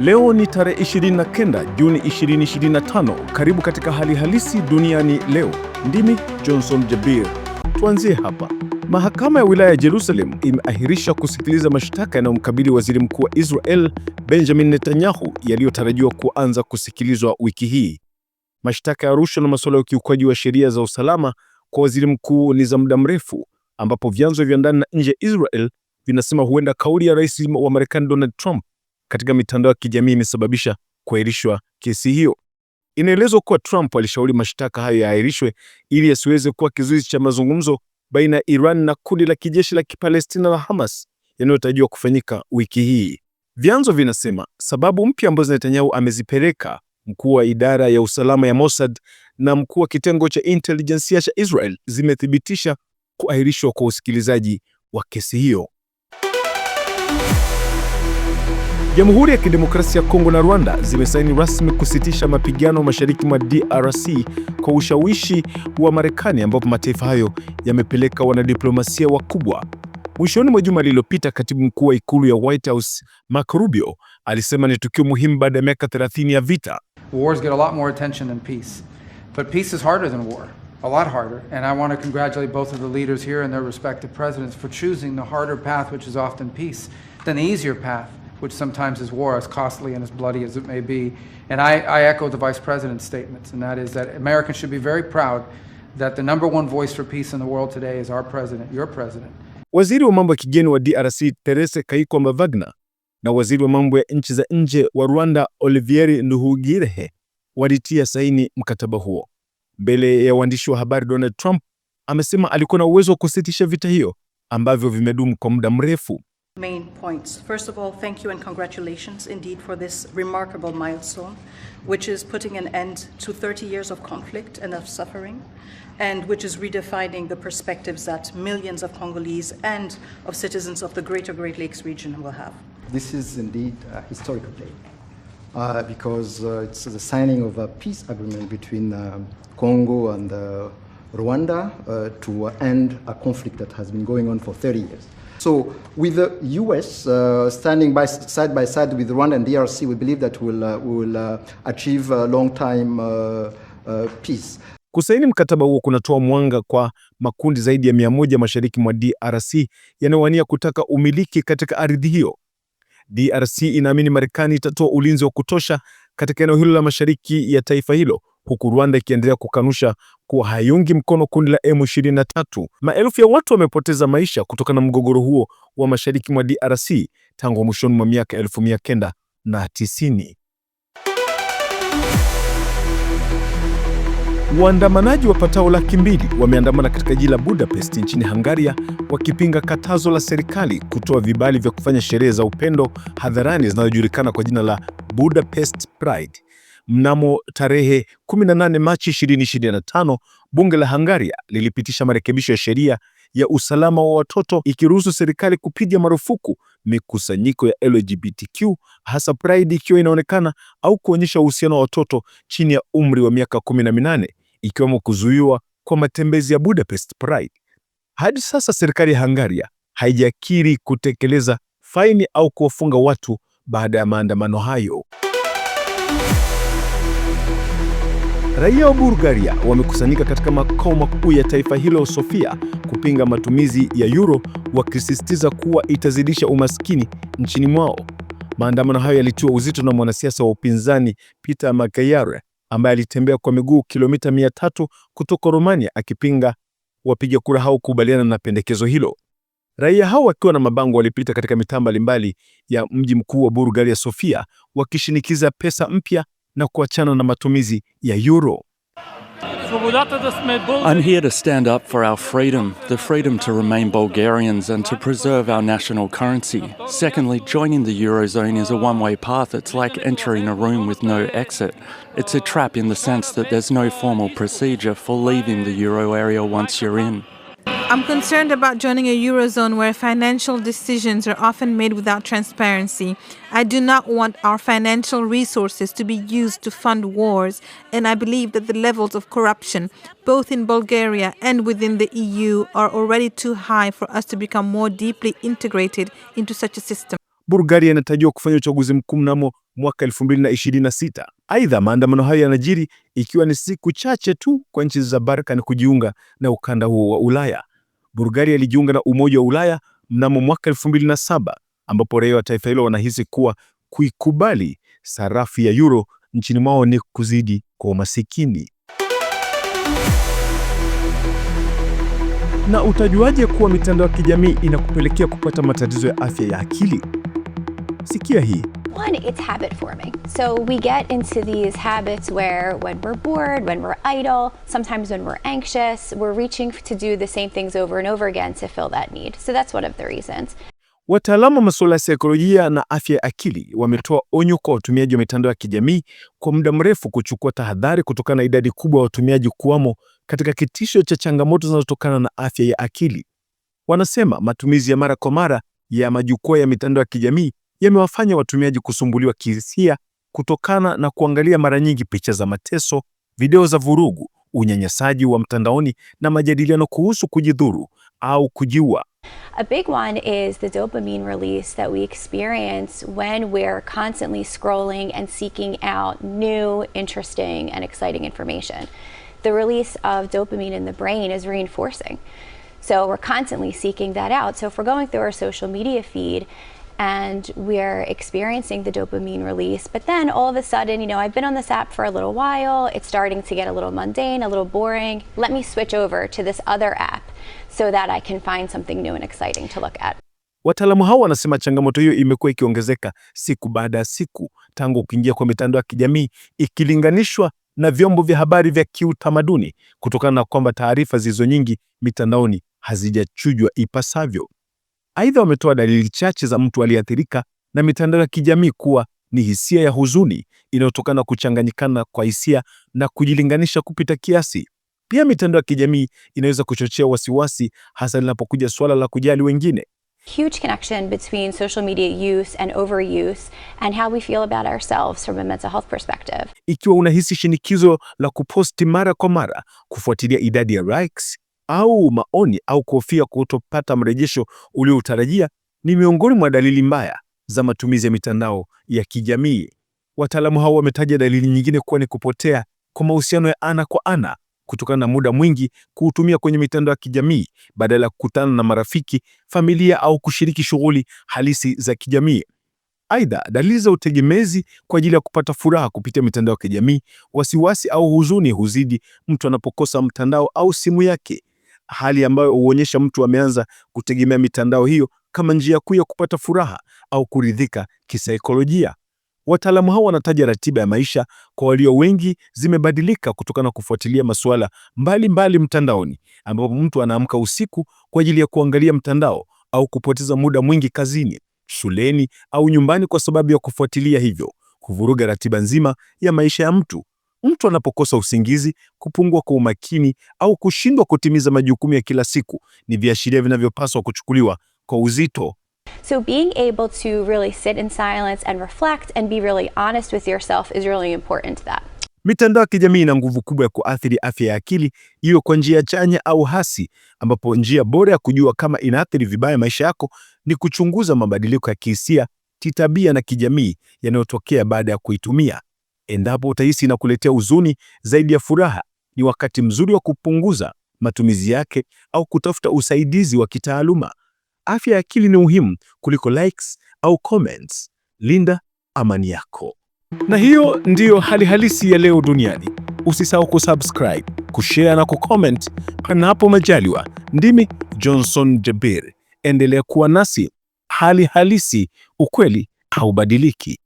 Leo ni tarehe 29 Juni 2025. Karibu katika hali halisi duniani leo. Ndimi Johnson Jabir. Tuanzie hapa. Mahakama ya wilaya ya Jerusalem imeahirisha kusikiliza mashtaka yanayomkabili waziri mkuu wa Israel Benjamin Netanyahu yaliyotarajiwa kuanza kusikilizwa wiki hii. Mashtaka ya rushwa na masuala ya ukiukwaji wa sheria za usalama kwa waziri mkuu ni za muda mrefu, ambapo vyanzo vya ndani na nje ya Israel vinasema huenda kauli ya rais wa Marekani Donald Trump katika mitandao ya kijamii imesababisha kuahirishwa kesi hiyo. Inaelezwa kuwa Trump alishauri mashtaka hayo yaahirishwe ili yasiweze kuwa kizuizi cha mazungumzo baina ya Iran na kundi la kijeshi la Kipalestina la Hamas yanayotarajiwa kufanyika wiki hii. Vyanzo vinasema sababu mpya ambazo Netanyahu amezipeleka mkuu wa idara ya usalama ya Mossad na mkuu wa kitengo cha intelijensia cha Israel zimethibitisha kuahirishwa kwa usikilizaji wa kesi hiyo. Jamhuri ya Kidemokrasia ya Kongo na Rwanda zimesaini rasmi kusitisha mapigano mashariki mwa DRC kwa ushawishi wa Marekani ambapo mataifa hayo yamepeleka wanadiplomasia wakubwa. Mwishoni mwa juma lililopita, katibu mkuu wa ikulu ya White House Marco Rubio alisema ni tukio muhimu baada ya miaka 30 ya vita. Wars get a lot more attention than peace. But peace is harder than war. A lot harder. And I want to congratulate both of the leaders here and their respective presidents for choosing the harder path which is often peace than the easier path which sometimes is war, as costly and as bloody as it may be. And I, I echo the Vice President's statements, and that is that Americans should be very proud that the number one voice for peace in the world today is our president, your president. Waziri wa mambo ya kigeni wa DRC Therese Kaikomba Wagner na waziri wa mambo ya nchi za nje wa Rwanda Olivier Nduhugirehe walitia saini mkataba huo. Mbele ya waandishi wa habari, Donald Trump amesema alikuwa na uwezo wa kusitisha vita hiyo ambavyo vimedumu kwa muda mrefu main points. First of all, thank you and congratulations indeed for this remarkable milestone, which is putting an end to 30 years of conflict and of suffering, and which is redefining the perspectives that millions of Congolese and of citizens of the greater Great Lakes region will have. This is indeed a historical day uh, because uh, it's the signing of a peace agreement between uh, Congo and uh, Rwanda uh, to end a conflict that has been going on for 30 years. So with the US uh, standing by, side by side with Rwanda and DRC, we believe that we'll, uh, we'll uh, achieve a long time uh, uh, peace. Kusaini mkataba huo kunatoa mwanga kwa makundi zaidi ya mia moja mashariki mwa DRC yanayowania kutaka umiliki katika ardhi hiyo. DRC inaamini Marekani itatoa ulinzi wa kutosha katika eneo hilo la mashariki ya taifa hilo huku Rwanda ikiendelea kukanusha kuwa haiungi mkono kundi la M23. Maelfu ya watu wamepoteza maisha kutokana na mgogoro huo wa mashariki mwa DRC tangu mwishoni mwa miaka 1990. Waandamanaji wapatao laki mbili wameandamana katika jiji la Budapest nchini Hungaria wakipinga katazo la serikali kutoa vibali vya kufanya sherehe za upendo hadharani zinazojulikana kwa jina la Budapest Pride. Mnamo tarehe 18 Machi 2025, bunge la Hungaria lilipitisha marekebisho ya sheria ya usalama wa watoto ikiruhusu serikali kupiga marufuku mikusanyiko ya LGBTQ hasa Pride ikiwa inaonekana au kuonyesha uhusiano wa watoto chini ya umri wa miaka 18, ikiwemo kuzuiwa kwa matembezi ya Budapest Pride. Hadi sasa serikali ya Hungaria haijakiri kutekeleza faini au kuwafunga watu baada ya maandamano hayo. Raia wa Bulgaria wamekusanyika katika makao makuu ya taifa hilo Sofia kupinga matumizi ya euro, wakisisitiza kuwa itazidisha umaskini nchini mwao. Maandamano hayo yalitiwa uzito na mwanasiasa wa upinzani Peter makayare ambaye alitembea kwa miguu kilomita 300 kutoka Romania akipinga wapiga kura hao kukubaliana na pendekezo hilo. Raia hao wakiwa na mabango walipita katika mitaa mbalimbali ya mji mkuu wa Bulgaria Sofia wakishinikiza pesa mpya na kuachana na matumizi ya euro. I'm here to stand up for our freedom, the freedom to remain Bulgarians and to preserve our national currency. Secondly, joining the Eurozone is a one way path. It's like entering a room with no exit. It's a trap in the sense that there's no formal procedure for leaving the Euro area once you're in. I'm concerned about joining a Eurozone where financial decisions are often made without transparency. I do not want our financial resources to be used to fund wars, and I believe that the levels of corruption, both in Bulgaria and within the EU, are already too high for us to become more deeply integrated into such a system. Bulgaria inatarajiwa kufanya uchaguzi mkuu mnamo mwaka 2026. Aidha, maandamano hayo yanajiri ikiwa ni siku chache tu kwa nchi za Balkan kujiunga na ukanda huo wa Ulaya. Bulgaria ilijiunga na Umoja wa Ulaya mnamo mwaka 2007 ambapo raia wa taifa hilo wanahisi kuwa kuikubali sarafu ya euro nchini mwao ni kuzidi kwa umasikini. Na utajuaje kuwa mitandao ya kijamii inakupelekea kupata matatizo ya afya ya akili? Sikia hii one, it's habit forming. So we get into these habits where when we're bored, when we're idle, sometimes when we're anxious, we're reaching to do the same things over and over again to fill that need. So that's one of the reasons. Wataalamu wa masuala ya saikolojia na afya ya akili wametoa onyo kwa watumiaji wa mitandao ya kijamii kwa muda mrefu kuchukua tahadhari kutokana na idadi kubwa ya watumiaji kuwamo katika kitisho cha changamoto zinazotokana na afya ya akili. Wanasema matumizi ya mara kwa mara ya majukwaa ya mitandao ya kijamii yamewafanya watumiaji kusumbuliwa kihisia kutokana na kuangalia mara nyingi picha za mateso, video za vurugu, unyanyasaji wa mtandaoni na majadiliano kuhusu kujidhuru au kujiua. A big one is the dopamine release that we experience when we're constantly scrolling and seeking out new, interesting and exciting information. The release of dopamine in the brain is reinforcing. So we're constantly seeking that out. So if we're going through our social media feed and we're experiencing the dopamine release. But then all of a sudden, you know, I've been on this app for a little while, it's starting to get a little mundane, a little boring. Let me switch over to this other app so that I can find something new and exciting to look at. Wataalamu hao wanasema changamoto hiyo imekuwa ikiongezeka siku baada ya siku tangu kuingia kwa mitandao ya kijamii ikilinganishwa na vyombo vya habari vya kiutamaduni kutokana na kwamba taarifa zilizo nyingi mitandaoni hazijachujwa ipasavyo. Aidha, wametoa dalili chache za mtu aliyeathirika na mitandao ya kijamii kuwa ni hisia ya huzuni inayotokana kuchanganyikana kwa hisia na kujilinganisha kupita kiasi. Pia mitandao ya kijamii inaweza kuchochea wasiwasi, hasa linapokuja suala la kujali wengine. Huge connection between social media use and overuse and how we feel about ourselves from a mental health perspective. Ikiwa unahisi shinikizo la kuposti mara kwa mara, kufuatilia idadi ya likes, au maoni au kofia kutopata mrejesho ulioutarajia ni miongoni mwa dalili mbaya za matumizi ya mitandao ya kijamii. Wataalamu hao wametaja dalili nyingine kuwa ni kupotea kwa mahusiano ya ana kwa ana kutokana na muda mwingi kuutumia kwenye mitandao ya kijamii badala ya kukutana na marafiki, familia au kushiriki shughuli halisi za kijamii. Aidha, dalili za utegemezi kwa ajili ya kupata furaha kupitia mitandao ya kijamii, wasiwasi au huzuni huzidi mtu anapokosa mtandao au simu yake hali ambayo huonyesha mtu ameanza kutegemea mitandao hiyo kama njia kuu ya kupata furaha au kuridhika kisaikolojia. Wataalamu hao wanataja ratiba ya maisha kwa walio wengi zimebadilika kutokana na kufuatilia masuala mbalimbali mtandaoni, ambapo mtu anaamka usiku kwa ajili ya kuangalia mtandao au kupoteza muda mwingi kazini, shuleni au nyumbani kwa sababu ya kufuatilia hivyo kuvuruga ratiba nzima ya maisha ya mtu Mtu anapokosa usingizi, kupungua kwa umakini au kushindwa kutimiza majukumu ya kila siku ni viashiria vinavyopaswa kuchukuliwa kwa uzito. So being able to really sit in silence and reflect and be really honest with yourself is really important to that. Mitandao ya kijamii ina nguvu kubwa ya kuathiri afya ya akili, iwe kwa njia chanya au hasi, ambapo njia bora ya kujua kama inaathiri vibaya maisha yako ni kuchunguza mabadiliko ya kihisia, kitabia na kijamii yanayotokea baada ya kuitumia. Endapo utahisi inakuletea huzuni zaidi ya furaha, ni wakati mzuri wa kupunguza matumizi yake au kutafuta usaidizi wa kitaaluma. Afya ya akili ni muhimu kuliko likes au comments. Linda amani yako. Na hiyo ndiyo hali halisi ya leo duniani. Usisahau kusubscribe, kushare na kucomment panapo majaliwa. Ndimi Johnson Jabir, endelea kuwa nasi. Hali halisi, ukweli haubadiliki.